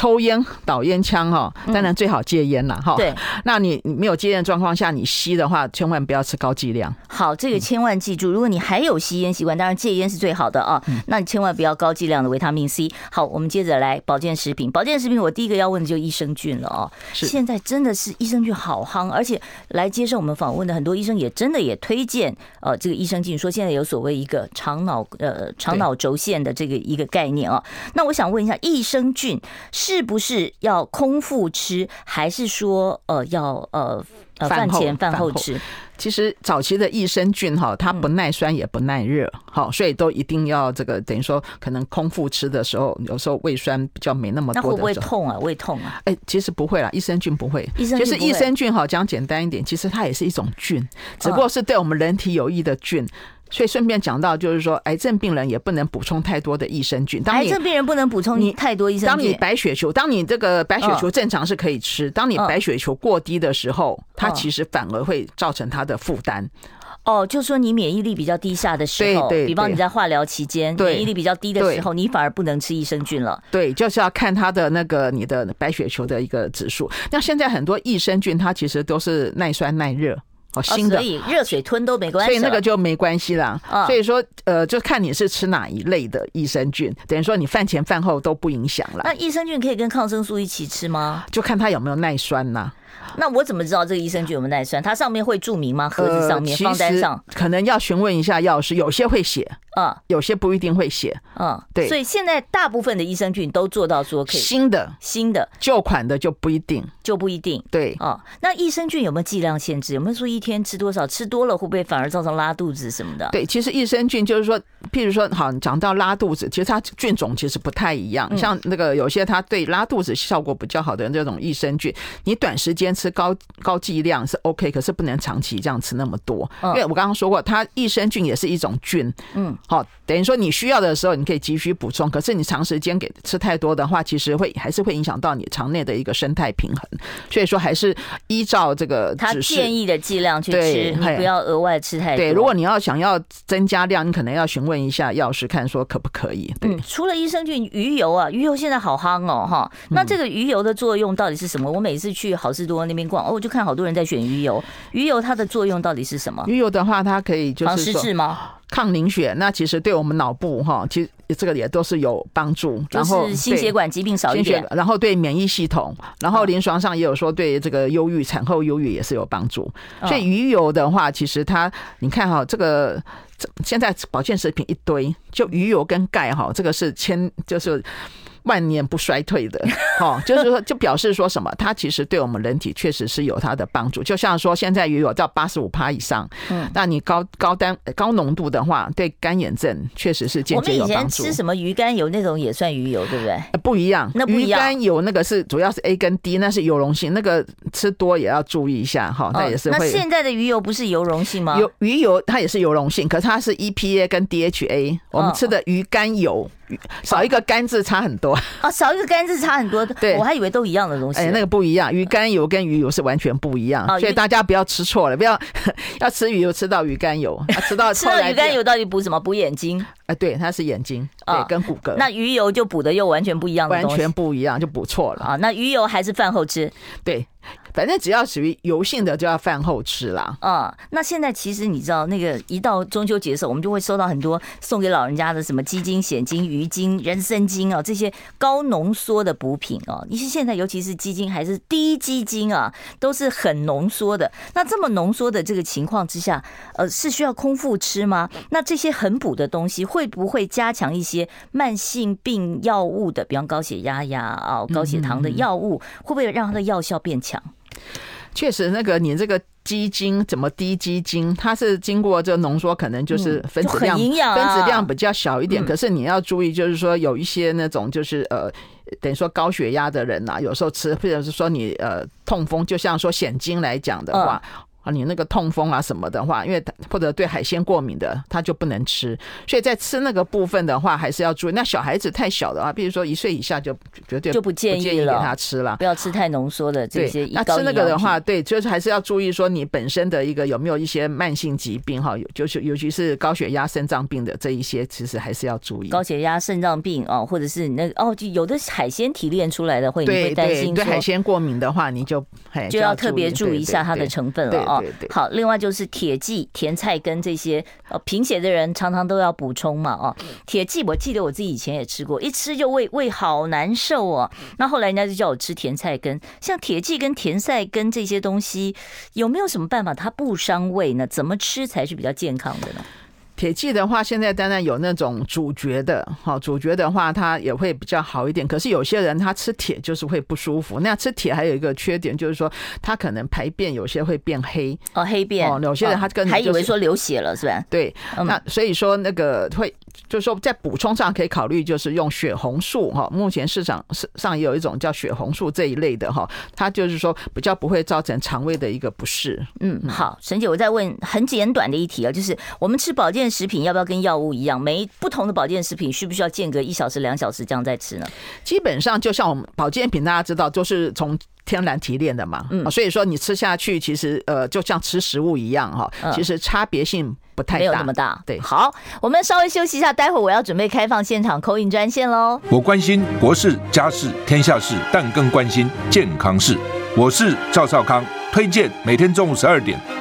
S2: 抽煙、老煙槍哈，當然最好戒煙
S1: 了哈。對，那你沒有戒煙狀況下，你吸的話，千萬不要吃高劑量。好，這個千萬記住。如果你還有吸煙習慣，當然戒煙是最好的啊、喔。那你千萬不要高劑量的維他命 C。好，我們接着來保健食品。保健食品，我第一個要問的就益生菌了哦。是。現在真的是益生菌好夯，而且來接受我們訪問的很多醫生也真的也推薦呃、啊、這個益生菌，說現在有所謂一個腸腦呃腸腦軸線的這個一個概念啊、喔。那我想問一下，益生菌是。是不是要空腹吃，還是說呃要呃飯前飯後吃飯後？其實早期的益生菌
S2: 哈，它不耐酸也不耐熱，好、嗯，所以都一定要這個等於說可能空腹吃的時候，有時候胃酸比較沒那麼多的，那會不會痛啊，胃痛啊？哎、欸，其實不會啦，益生菌不會。其實益生菌哈，講、就是、簡單一點，其實它也是一種菌，只不過是對我們人體有益的菌。嗯所以順便講到，就是說，癌症病人也不能補充太多的益生菌。當你癌症病
S1: 人不能補充你太多益生菌。當你白
S2: 血球，當你這個白血球正常是可以吃；哦、當你白血球過低的時候，哦、它其實反而會造成它的負擔。
S1: 哦，就說你免疫力比較低下的時候，對對對，比方你在化療期間，免疫力比較低的時候，你反而不能吃益生菌了。
S2: 對，就是要看它的那個你的白血球的一個指數。那現在很多益生菌，它其實都是耐酸耐熱。哦，新的，
S1: 哦、所以熱水吞都沒關係，所以那個就
S2: 沒關係啦、哦。所以說，呃，就看你是吃哪一類的益生菌，等於說你飯前飯後都不影響了。那
S1: 益生菌可以跟抗生素一起吃嗎？就看它有沒有耐酸吶、啊。那我怎麼知道這個益生菌有沒有耐酸？啊、它上面會注明嗎？盒子上面、仿、呃、單上，可
S2: 能要詢問一下藥師。有些會寫，嗯、哦，有些不一定會寫，嗯、哦，對。所以
S1: 現在大部分的益生菌都做到說可以新的，新的，舊款的就不一定。就不一定對哦。那益生菌有沒有劑量限制？有沒有說一天吃多少？吃多了會不會反而造成拉肚子什麼的？對，其實益生菌就是說，譬如說，好，你講到拉肚子，其實它菌種其實
S2: 不太一樣。像那個有些它對拉肚子效果比較好的那種益生菌，你短時間吃高高劑量是 OK，可是不能長期這樣吃那麼多。因為我剛剛說過，它益生菌也是一種菌，嗯，好，等於說你需要的時候你可以急需補充，可是你長時間給吃太多的話，其實會還是會影響到你腸內的一個生態平衡。所以說，還是依照這個他建議的
S1: 劑量去吃，你不要額外吃太多。對，如果
S2: 你要想要增加量，你可能要詢問一下藥師，看說可不可以。對。
S1: 嗯，除了益生菌，魚油啊，魚油現在好夯哦，哈。那這個魚油的作用到底是什麼？嗯、我每次去好市多那邊逛，哦，我就看好多人在選魚油。魚油它的作用到底是什麼？嗯、
S2: 魚油的話，它可以就是、啊、失智嗎？抗凝血，那其實對我們腦部哈，其實這個也都是有幫助。然後對心血、就是、心血管疾
S1: 病少一點血，
S2: 然後對免疫系統，然後臨床上也有說對這個憂鬱、產後憂鬱也是有幫助。嗯。所以魚油的話，其實它你看哈、喔，這個現在保健食品一堆，就魚油跟鈣哈、喔，這個是千就是。萬年不衰退的， 哈、哦，就是說，就表示說什麼，它其實對我們人體確實是有它的幫助。就像說，現在魚油到八十五趴以上，嗯，那你高高單高濃度的話，對乾眼症確實是漸漸有幫助。我們以前吃什
S1: 麼魚肝油，那種也算魚油，對不對？呃、
S2: 不一樣，那不一樣，魚肝油那個是主要是 A 跟 D，那是油溶性，那個吃多也要注意一下哈、哦嗯。那也是，會。現
S1: 在的魚油不是油溶性嗎？油
S2: 魚油它也是油溶性，可是它是 EPA 跟 DHA、哦。我們吃的魚肝油。少一個“肝”字差很多啊、哦哦！少一個“肝”字差很多，對，我還以為都一樣的東西。哎，那個不一樣，魚肝油跟魚油是完全不一樣，哦、所以大家不要吃錯了，不要要吃魚油吃到魚肝油、哦，
S1: 吃到 吃到魚肝油到底補什麼？補眼睛。啊，對，它是眼睛、哦，對，跟骨骼。那魚油就補的又完全不一樣的，完全不一樣，就補錯了啊、哦。那魚油還是飯後吃，對，反正只要屬於油性的就要飯後吃啦。嗯，那現在其實你知道，那個一到中秋節的時候，我們就會收到很多送給老人家的什麼雞精、蜆精、魚精、人參精啊、哦、這些高濃縮的補品哦。你是現在尤其是雞精還是滴雞精啊，都是很濃縮的。那這麼濃縮的這個情況之下，呃，是需要空腹吃嗎？那這些很補的東西會。會不會加強一些慢性病藥物的，比方高血壓呀、高血糖的藥物，會不會讓它的藥效變強？確、嗯、實，那個你這個雞精怎麼滴雞精，它是經過這濃
S2: 縮，可能就是分子量，嗯啊、分子量比較小一點。可是你要注意，就是說有一些那種就是呃，等於說高血壓的人吶、啊，有時候吃，或者是說你呃痛風，就像說蜆精來講的話。嗯啊，你那個痛風啊什麼的話，因為或者對海鮮過敏的，他就不能吃。所以在吃那個部分的話，還是要注意。那小孩子太小的話，比如說一歲以下就。就不建，不建議給他吃了，不要吃太濃縮的這些。那吃那個的話，對，就是還是要注意說你本身的一個有沒有一些慢性疾病哈，就是
S1: 尤其是高血壓、腎臟病的這一些，其實還是要注意。高血壓、腎臟病哦，或者是你那個、哦，就有的是海鮮提煉出來的，你會不會擔心對，對海鮮
S2: 過敏的話，你就嘿就要特別注，注意一下它的成分了
S1: 啊。好，另外就是鐵劑、甜菜根這些，呃、貧血的人常常都要補充嘛哦，鐵劑，我記得我自己以前也吃過，一吃就胃胃好難受。我、哦、那後來人家就叫我吃甜菜根，像鐵劑跟甜菜根這些東西，有沒有什麼辦法它不傷胃呢？怎麼吃才是比較健康的呢？
S2: 鐵劑的話，現在當然有那種咀嚼的，哈，咀嚼的話它也會比較好一點。可是有些人他吃鐵就是會不舒服。那吃鐵還有一個缺點就是說，他可能排便有些會變黑，哦，黑便，哦，有些人他跟還以為說流血了是吧？對、嗯，那所以說那個會，就是說在補充上可以考慮，就是用血紅素，哈，目前市場上也有一種叫血紅素這一類的，哈，它就是說比較
S1: 不會造成腸胃的一個不適。嗯，好，沈姐，我再問很簡短的一題啊，就是我們吃保健。食品要不要跟藥物一樣？每一不同的保健食品需不需要間隔一小時、兩小時這樣再吃呢？基本上就像我們保健品，大家知道就是從天然提煉的嘛、嗯，
S2: 所以說你吃下去其實呃，就像吃食物一樣哈、嗯，其實差別性不太大、嗯、沒有那麼
S1: 大。對，好，我們稍微休息一下，待會我要準備開放現場 call in 專線嘍。
S3: 我關心國事、家事、天下事，但更關心健康事。我是趙少康，推薦每天中午十二點。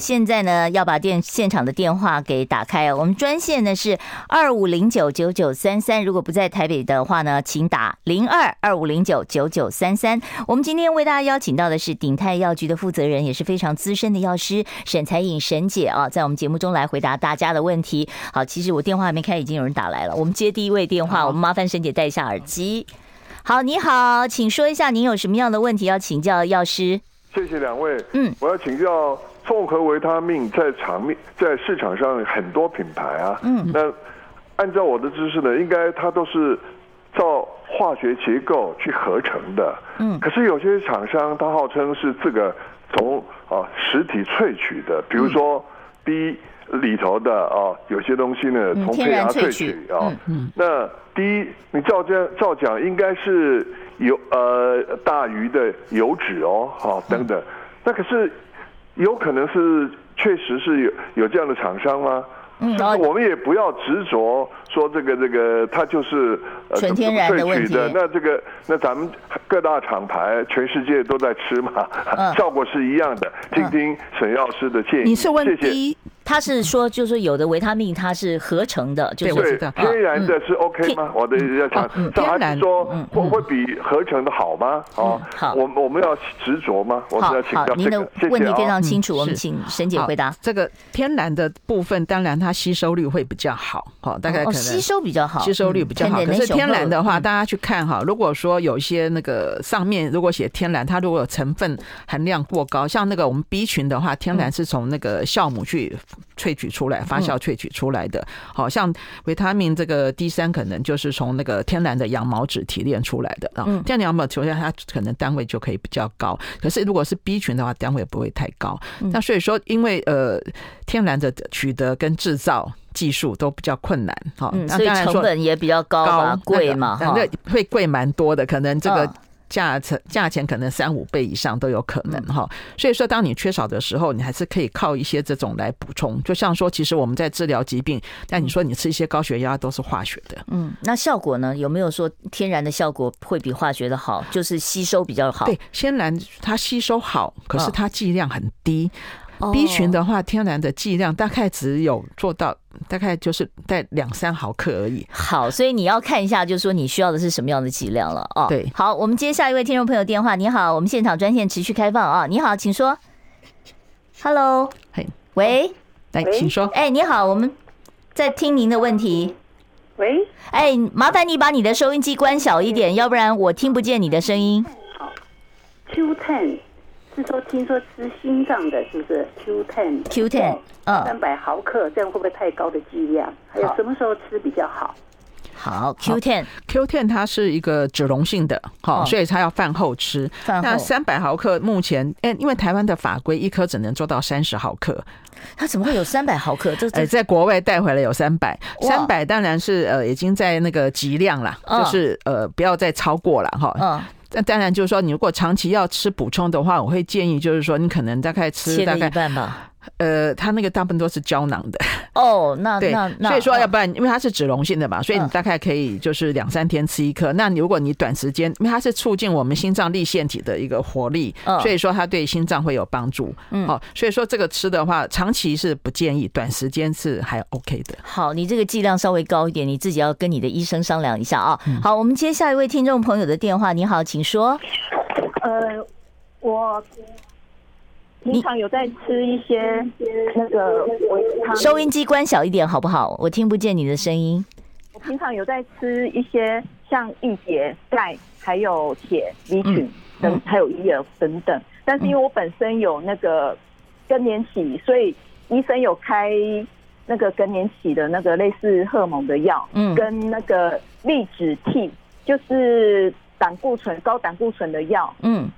S1: 現在呢，要把電現場的電話給打開。我們專線呢是二五零九九九三三。如果不在台北的話呢，請打零二二五零九九九三三。我們今天為大家邀請到的是鼎泰藥局的負責人，也是非常資深的藥師沈采穎沈姐啊，在我們節目中來回答大家的問題。好，其實我電話還沒開，已經有人打來了。我們接第一位電話，我們麻煩沈姐戴一下耳機。好，你好，請說一下您有什麼樣的問題要請教藥師？
S4: 謝謝兩位，嗯，我要請教。綜合維他命在場面在市場上很多品牌啊，嗯，那按照我的知識呢，應該它都是照化學結構去合成的，嗯，可是有些廠商它號稱是這個從啊實體萃取的，比如說第一裡頭的啊有些東西呢從胚芽萃取啊，那第一你照這樣照講應該是有呃大魚的油脂哦、啊，好等等，那可是。有可能是確實是有有這樣的廠商嗎？嗯，我們也不要執着說這個這個他就是、呃、全天然的問題。那這個那咱們各大廠牌，全世界都在吃嘛、嗯，效果是一樣的。聽聽沈藥師的建議，嗯、你是問謝謝。
S1: 他是說，就是有的維他命它是合成的，就是、哦、天
S4: 然的是 OK 嗎？嗯、我的意思要講，當、哦嗯、然說會會比合成的好嗎？嗯哦嗯，、好，我我們要執着嗎？我們要請教、這個。您的問題非常清楚，哦、我們請沈姐回答。
S2: 這個天然的部分，當然它吸收率會比較好，哈、哦，大概可能吸收比較好，吸收率比較好。可是天然的話，嗯、大家去看哈、哦，如果說有些那個上面如果寫天然，它如果有成分含量過高，像那個我們 B 群的話，天然是從那個酵母去。萃取出來、發酵萃取出來的，好、嗯、像維他命這個 D 三可能就是從那個天然的羊毛脂提煉出來的啊、嗯。天然嘛，首先它可能單位就可以比較高，可是如果是 B 群的話，單位不會太高。嗯、那所以說，因為呃，天然的取得跟製造技術都比較困難哈，所、嗯、以成本也比較高，貴嘛，那個、會貴蠻多的、哦，可能這個。價錢價錢可能三五倍以上都有可能哈，所以說當你缺少的時候，你還是可以靠一些這種來補充。就像說，其實我們在治療疾病，但你說你吃一些高血壓都是化學
S1: 的，嗯，那效果呢？有沒有說天然的效果會比化學的好？就是吸收比較好。對，天然它吸收好，可是它劑量很低。哦 B 群的話，天然的劑量大概只有做到大概就是在兩三毫克而已。Oh, 好，所以你要看一下，就是說你需要的是什麼樣的劑量了啊？Oh, 對。好，我們接下一位聽眾朋友電話。你好，我們現場專線持續開放啊！你好，請說。Hello？Hey，嘿，hey，喂。哎，請說。哎，hey，你好，我們在聽您的問題。喂。哎，麻煩你把你的收音機關小一點，hey. 要不然我聽不見你的聲音。好。Q10 是說，聽
S2: 說吃心臟的是不是 Q10 Q10 嗯三百毫克，這樣會不會太高的劑量、哦？還有什麼時候吃比較好？好 Q10 Q10 它是一個脂溶性的、哦，所以它要飯後吃。飯後三百毫克，目前哎，因為台灣的法規，一顆只能做到三十毫克，它怎麼會有三百毫克？就這呃，在國外帶回來有三百，三百當然是呃已經在那個劑量了、哦，就是呃不要再超過了哈。嗯。哦那當然，就是說，你如果長期要吃補充的話，我會建議，就是說，你可能大概吃大概半吧。呃，它那個大部分都是膠囊的
S1: 哦、oh，那對，所以說
S2: 要不然，因為它是脂溶性的嘛，所以你大概可以就是兩三天吃一顆。那如果你短時間，因為它是促進我們心臟粒線體的一個活力，所以說它對心臟會有幫助。好，所以說這個吃的話，長
S1: 期是不建議，短時間是還 OK 的、嗯。好，你這個劑量稍微高一點，你自己要跟你的醫生商量一下啊。好，我們接下一位聽眾朋友的電話，你好，請說、嗯。呃，我。平常有在吃一些那個，收音機關小一點好不好？我聽不見你的聲音。我平常有在吃一些像玉碟鈣，還有鐵、B 群等、嗯，
S2: 還有葉爾等等、嗯。但是因為我本身有那個更年期、嗯，所以醫生有開那個更年期的那個類似荷爾蒙的藥、嗯，跟那個立脂替，就是膽固醇高膽固醇的藥，嗯。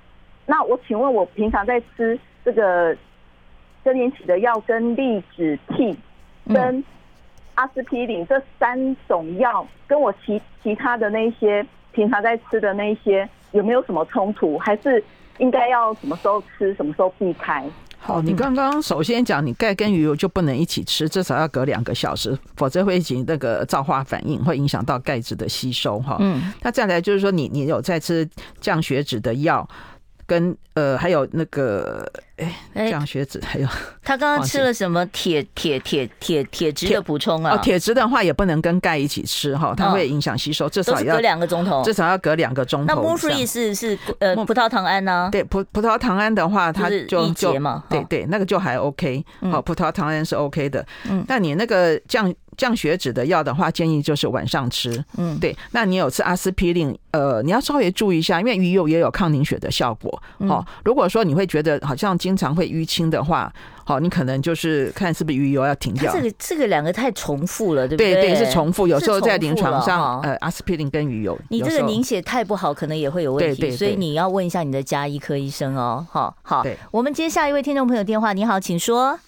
S2: 那我請問，我平常在吃這個更年期的藥跟利子替，跟阿司匹林這三種藥，跟我其其他的那些平常在吃的那些有沒有什麼衝突？還是應該要什麼時候吃，什麼時候避開好？好、嗯，你剛剛首先講，你鈣跟魚油就不能一起吃，至少要隔兩個小時，否則會引起那個皂化反應，會影響到鈣質的吸收。哈，嗯，那再來就是說你，你你有在吃降血脂的藥。跟呃，還有那個哎，降血脂還有
S1: 他剛剛吃了什麼鐵鐵鐵鐵鐵質的補充啊？哦，鐵質
S2: 的話也不能跟鈣一起吃哈、哦哦，它會影響吸收，至少要隔兩個鐘頭，至少要隔兩個鐘。嗯、個頭。那 Move Free 是
S1: 是呃葡萄糖胺呢、啊嗯？對，葡葡萄糖胺的話，它就就是嘛
S2: 哦、對，對對，那個就還 OK、嗯。好、哦，葡萄糖胺是 OK 的。嗯，那你那個降。降血脂的藥的話，建議就是晚上吃。嗯，對。那你有吃阿司匹林？呃，你要稍微注意一下，因為魚油也有抗凝血的效果。哦，如果說你會覺得好像經常會淤青的話，好，你可能就是看是不是魚油要停掉。這個這
S1: 個兩個太重複了，對不對？對對對，是重複，有時候在臨床上，哦、呃，
S2: 阿司匹林跟魚油，你這個凝
S1: 血太不好，可能也會有問題。對對對對。所以你要問一下你的家醫科醫生哦。好好，我們接下一位聽眾朋友電話。你好，請說。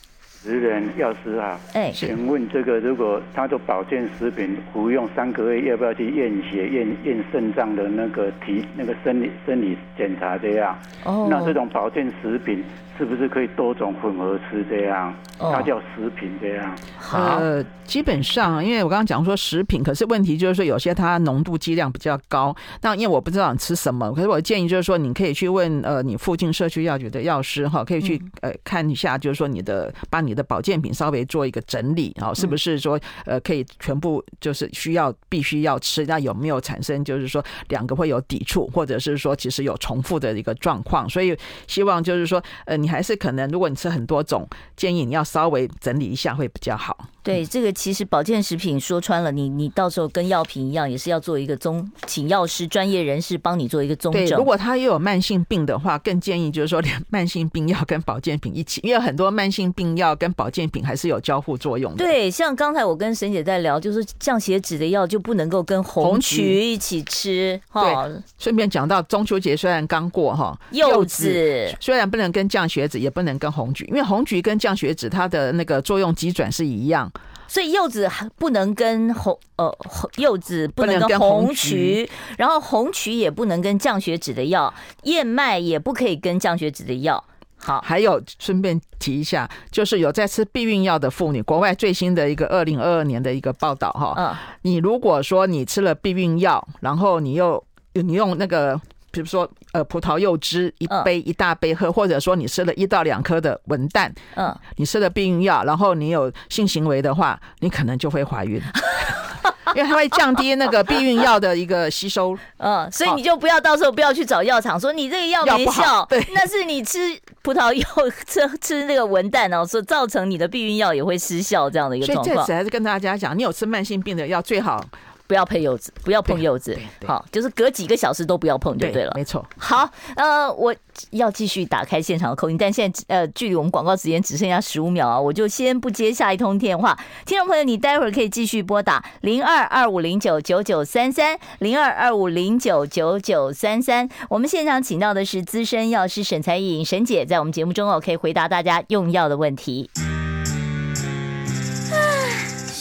S3: 食人藥師啊，哎，請問這個如果他的保健食品服用三個月，要不要去驗血、驗驗腎臟的那個體、那個生理、生理檢查這樣？哦，那這種保健食品。是不是可以多種混合吃？這樣、oh. 它叫食
S2: 品這樣。呃，基本上，因為我剛剛講說食品，可是問題就是說有些它濃度劑量比較高。那因為我不知道你吃什麼，可是我建議就是說你可以去問呃你附近社區藥局的藥師哈，可以去呃看一下，就是說你的把你的保健品稍微做一個整理好，哦，是不是說呃可以全部就是需要必須要吃？那有沒有產生就是說兩個會有抵觸，或者是說其實有重複的一個狀況？所以希望就是說呃。你還是可能，如果你吃很多種，建議你要稍微整理一下會比
S1: 較好。對，這個其實保健食品說穿了，你你到時候跟藥品一樣，也是要做一個中，請藥師專業人士幫你做一個中。對，如果
S2: 他也有慢性病的話，更建議就是說，連慢性病藥跟保健品一起，因為很多慢性病藥跟保健品還是有交互作用的。對，
S1: 像剛才我跟沈姐在聊，就是降血脂的藥就不能夠跟紅麴一起吃，哦。對，順便講到中秋節雖然剛過
S2: 哈，哦，柚子雖然不能跟降血脂，也不能跟紅麴，因為紅麴跟降血脂它的
S1: 那個作用機轉是一樣。所以柚子不能跟紅，呃，柚子不能跟紅麴，然後紅麴也不能跟降血脂的藥，燕麥也不可以跟降血脂的藥。好，還有順便提一下，就是有在吃
S2: 避孕藥的婦女，國外最新的一個二零二二年的一個報道哈。嗯，你如果說你吃了避孕藥，然後你又你用那個。比如說，呃，葡萄柚汁一杯一大杯喝，嗯，或者說你吃了一到兩顆的文旦，嗯，你吃了避孕藥，然後你有性行為的話，你可能就會懷孕，嗯，
S1: 因為它會降低那個避孕藥的一個吸收。嗯，所以你就不要到時候不要去找藥廠，哦，說你這個藥沒效，對，那是你吃葡萄柚吃吃那個文旦哦，然後說造成你的避孕藥也會失效這樣的一個狀況。所以在此還是跟大家講，你有吃慢性病的藥最好，不要碰柚子，不要碰柚子，好，就是隔幾個小時都不要碰，就對了，沒錯。好，呃，我要繼續打開現場的扣應，但現在呃，距離我們廣告時間只剩下十五秒啊，我就先不接下一通電話。聽眾朋友，你待會兒可以繼續撥打零二二五零九九九三三零二二五零九九九三三。我們現場請到的是資深藥師沈采穎，沈姐在我們節目中哦，可以回答大家用藥的問題。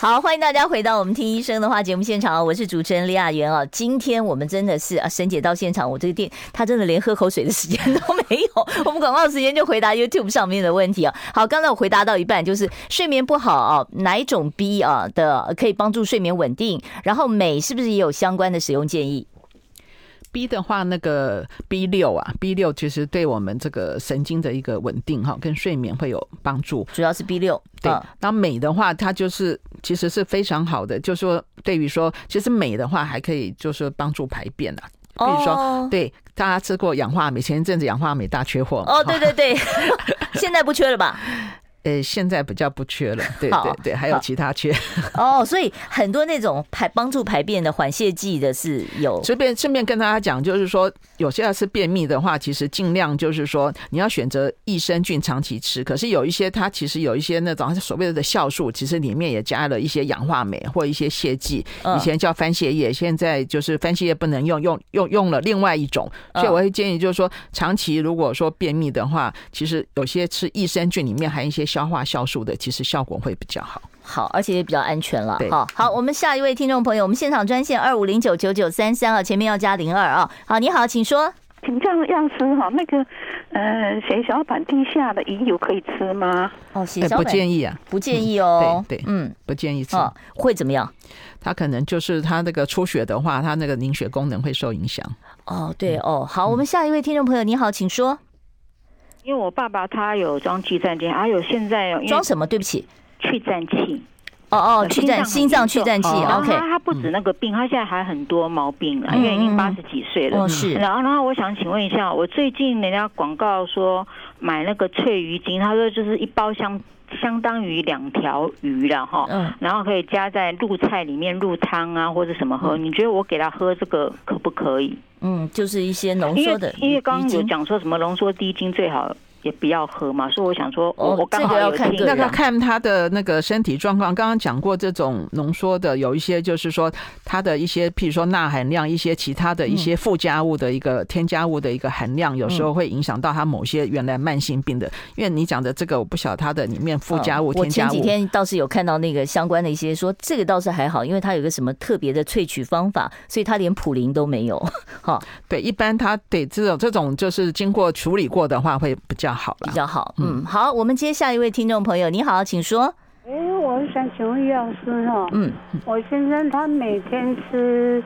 S1: 好，歡迎大家回到我們聽醫生的話節目現場啊！我是主持人李雅媛啊，今天我們真的是啊，沈姐到現場，我這個電，她真的連喝口水的時間都沒有。我們廣告時間就回答 YouTube 上面的問題啊。好，剛才我回答到一半，就是睡眠不好啊，哪一種 B 啊的可以幫助睡眠穩定？然後美是不是也有相關的使用建議？B 的話，那
S2: 個 B 六啊，B 六其實對我們這個神經的一個穩定哈，跟睡眠會有幫助。主要是 B 六，對。那鎂的話，它就是其實是非常好的，嗯、就說對於說，其實鎂的話還可以就是幫助排便的、啊、比如說，哦、對大家吃過氧化鎂，前一陣子氧化鎂大缺貨。哦，哦、對對
S1: 對 ，
S2: 現在不缺了
S1: 吧？ 呃，現在比較不缺了，對對對，對，啊、還有其他缺哦，所以很多那種排幫助排便的緩瀉劑的是有。順便順便跟大家講，就是說
S2: 有些要是便秘的話，其實盡量就是說你要選擇益生菌長期吃。可是有一些它其實有一些那種，所謂的酵素，其實裡面也加了一些氧化鎂或一些瀉劑，以前叫番瀉葉，現在就是番瀉葉不能用，用用用了另外一種。所以我會建議就是說，長期如果說便秘的話，其實有些吃益生菌裡面含一些。消化酵素的，其實效果會比較好，好，而且也比較安全了。好
S1: 好，我們下一位聽眾朋友，我們現場專線二五零九九九三三啊，前面要加零二啊。好，你好，請說，請這樣吃哈那個，呃，血小板低下的魚油可以吃嗎？哦，血小板、欸、不建議啊，不建議哦。嗯、對，對，嗯，不建議吃，哦、會怎麼樣？
S2: 他可能就是他那個出血的話，他那個凝血功能會受影響。
S1: 哦，對哦，好、嗯，我們下一位聽眾朋友，你好，請說。因為我爸爸他有裝去顫器，還有現在裝什麼？對不起，去顫器。哦哦，去顫，心臟去顫器。哦、他、嗯、他不止那個病，他現在還很多毛病了，因為已經八十幾歲了。是。然後，然後我想請問一下，我最近人家廣告說買那個翠魚精，他說就是一包香。相當於兩條魚了哈，然後可以加在入菜裡面，入湯啊，或者什麼喝。你覺得我給他喝這個可不可以？嗯，就是一些濃縮的魚。因為因為剛剛有講說什麼濃縮低精最好。也比較喝嘛，所以我想說，哦，我、這、剛好要看，
S2: 那個看他的那個身體狀況。剛剛講過，這種濃縮的有一些，就是說它的一些，譬如說鈉含量，一些其他的一些附加物的一個添加物的一個含量，嗯、有時候會影響到他某些原來慢性病的。嗯、因為你講的這個，我
S1: 不曉得它的裡面附加物、嗯。我前幾天倒是有看到那個相關的一些說，這個倒是還好，因為它有個什麼特別的萃取方法，所以它連普林都沒有。哈，對，一般它得這種這種就是經過處理過的話，會比較。好了，比較好。嗯，嗯，好，我們接下一位聽眾朋友。你好，請說。
S4: 哎，我想請問藥師哈，嗯，我先生他每天吃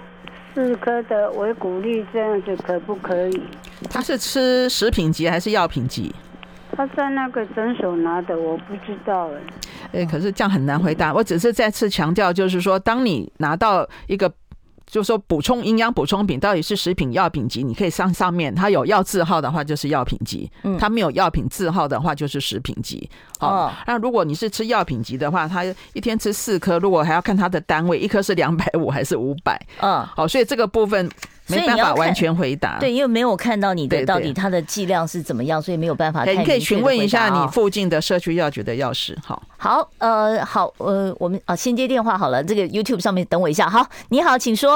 S4: 四顆的維骨力，這樣子可不可以？欸
S2: 嗯、他是吃食品級還是藥品級？
S4: 他在那個診所拿的，我不知道。
S2: 哎，可是這樣很難回答。我只是再次強調，就是說，當你拿到一個。就是說，補充營養補充品到底是食品藥品級，你可以上上面，它有藥字號的話就是藥品級，它沒有藥品字號的話就是食品級。好，那如果你是吃藥品級的話，它一天吃四顆，如果還要看它的單位，
S1: 一顆是兩百五還是五百？嗯，好，所以這個部分。沒辦法完全回答，對，因為沒有看到你的到底它的劑量是怎麼樣，對對，所以沒有辦法、哦。可以可以詢問一下你附近的社區藥局的藥師，好，好，呃，好，呃，我們啊，先接電話好了，這個 YouTube 上面等我一下，好，你好，請說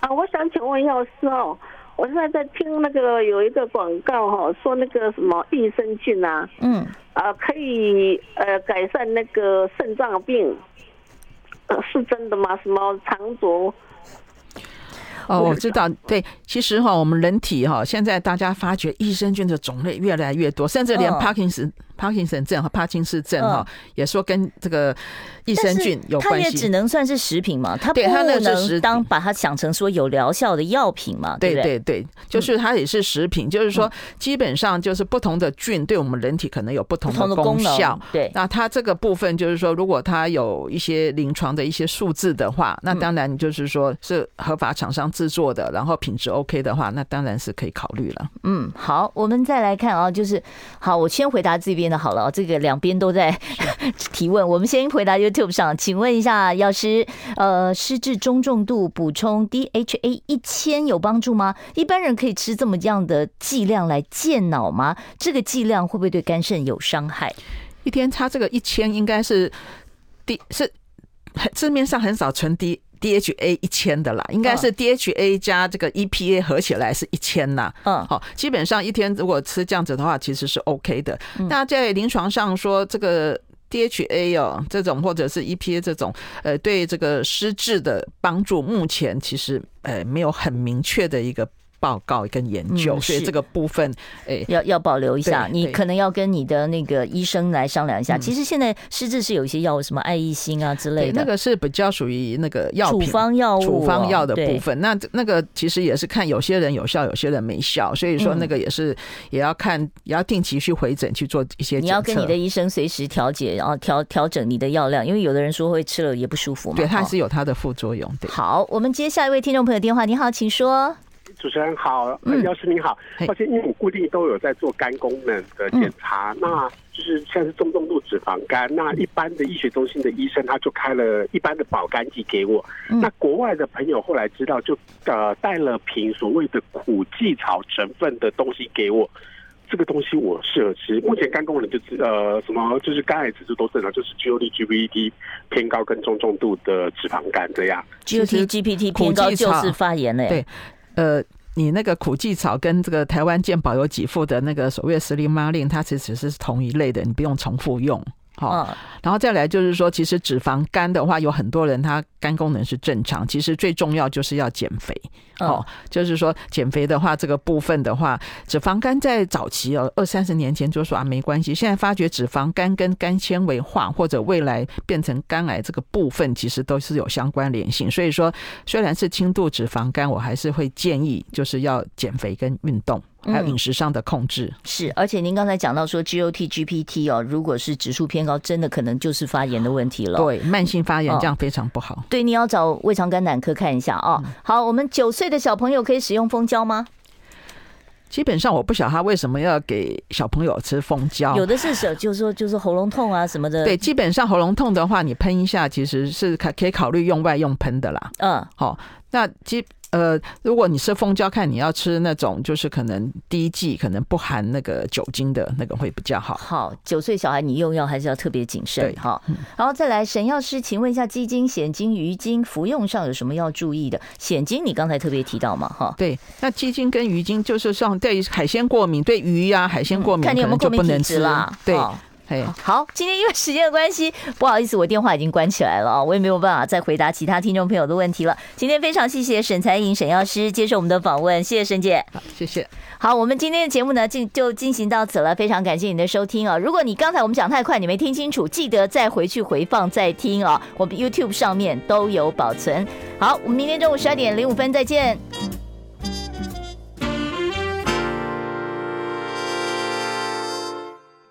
S1: 啊，我想請問藥師哦，我現在在聽那個有一個廣告哈、哦，說那個什麼益生菌啊，嗯，啊、呃，可以呃改善那個腎臟病，呃，是真的嗎？什麼腸足？
S2: 哦，我知道，對，其實哈、哦，我們人體哈、哦，現在大家發覺益生菌的種類越來越多，甚至連 Parkinson、oh.。帕金森症和
S1: 帕金斯症哈，也說跟這個益生菌有關係。它也只能算是食品嘛，它不能當把它想成說有療效的藥品嘛。對，嗯，對對對，
S2: 就是它也是食品，就是說基本上就是不同的菌對我們人體可能有不同的功效。對，那它這個部分就是說，如果它有一些臨床的一些數字的話，那當然就是說是合法廠商製作的，然後品質 OK 的話，那當然是可以
S1: 考慮了。嗯，好，我們再來看啊，就是好，我先回答這邊。那好了，這個兩邊都在 提問，我們先回答 YouTube 上。請問一下，藥師，呃，失智中重度補充 DHA 一千有幫助嗎？一般人可以吃這麼樣的劑量來健腦嗎？這個劑量會不會對肝腎有傷害？一天擦這個一千應該是第，是市面上很少存
S2: 低，DHA 一千的啦，應該是 DHA 加這個 EPA 合起來是一千啦。嗯，好，基本上一天如果吃這樣子的話，其實是 OK 的。那、嗯、在臨床上說，這個 DHA 哦，這種或者是 EPA 這種，呃，對這個失智的幫助，目前其實呃沒有很明確的一個。報告跟研究、嗯，所以這個
S1: 部分哎、欸，要要保留一下。你可能要跟你的那個醫生來商量一下。嗯、其實現在實質是有一些藥，什麼愛意心啊之類的，那個是比較屬於那個
S2: 藥品、處方藥物、處方藥的部分。哦、那那個其實也是看有些人有效，有些人沒
S1: 效。所以說那個也是、嗯、也要看，也要定期去回診去做一些。你要跟你的醫生隨時調節，然後調調整你的藥量，因為有的人說會吃了也不舒服嘛，對，它還是有它的副
S3: 作用。對，好，我
S1: 們接下一位聽眾朋友電話，你好，請說。
S3: 主持人好，老、嗯、師你好。抱歉，因為我固定都有在做肝功能的檢查、嗯，那就是像是中重度脂肪肝、嗯。那一般的醫學中心的醫生他就開了一般的保肝劑給我、嗯。那國外的朋友後來知道就，就呃帶了瓶所謂的苦地草成分的東西給我。這個東西我適合吃。目前肝功能就是呃什麼就是肝癌指數都正常，就是 GOT、GPT 偏高跟中重度的脂肪肝，肝這樣。GOT、
S1: GPT
S2: 偏高就是發炎嘞、欸。對呃，你那個苦技草跟這個台灣健保有給付的那個所謂石林媽令，它其實是同一類的，你不用重複用。好、哦，然後再來就是說，其實脂肪肝的話，有很多人他肝功能是正常，其實最重要就是要減肥。哦，就是說減肥的話，這個部分的話，脂肪肝在早期哦，二三十年前就說啊沒關係，現在發覺脂肪肝跟肝纖維化或者未來變成肝癌這個部分，其實都是有相關聯性。所以說，雖然是輕度脂肪肝，我還是會建議就是要減肥跟運動。還有飲食上的
S1: 控制、嗯、是，而且您剛才講到說 GOT GPT 哦，如果是指數偏高，真的可能就是發炎的問題了。對，慢性發炎、哦、這樣非常不好。對，你要找胃腸肝膽科看一下啊、哦嗯。好，我們九歲的小朋友可以使用蜂膠嗎？基本上我不曉得他為什麼要給小朋友吃蜂膠，有的是時候，就是說就是喉嚨痛啊什麼的。對，基
S2: 本上喉嚨痛的話，你噴一下其實是可可以考慮用外用噴的啦。嗯，好、哦，那基。呃，如果你是蜂膠，看你要吃那種，就是可能低劑可能不含那個酒精的那個會比較好。好，九歲小孩你用
S1: 藥還是要特別謹慎。對，好、哦嗯，然後再來，沈藥師，請問一下，雞精、蜆精、魚精服用上有什麼要注意的？蜆精你剛才特別提到嘛，哈、哦，對，那雞精跟魚精就是像對海鮮過敏，對魚呀、啊、海鮮過敏，嗯、看你有沒有過敏體質啦、嗯、可能就不能吃，對。哦。好，今天因為時間的關係，不好意思，我電話已經關起來了啊、哦，我也沒有辦法再回答其他聽眾朋友的問題了。今天非常謝謝沈采穎、沈藥師接受我們的訪問，謝謝沈姐，好，謝謝。好，我們今天的節目呢，進就進行到此了，非常感謝你的收聽啊、哦！如果你剛才我們講太快，你沒聽清楚，記得再回去回放再聽啊、哦，我們 YouTube 上面都有保存。好，我們明天中午十二點零五分再見。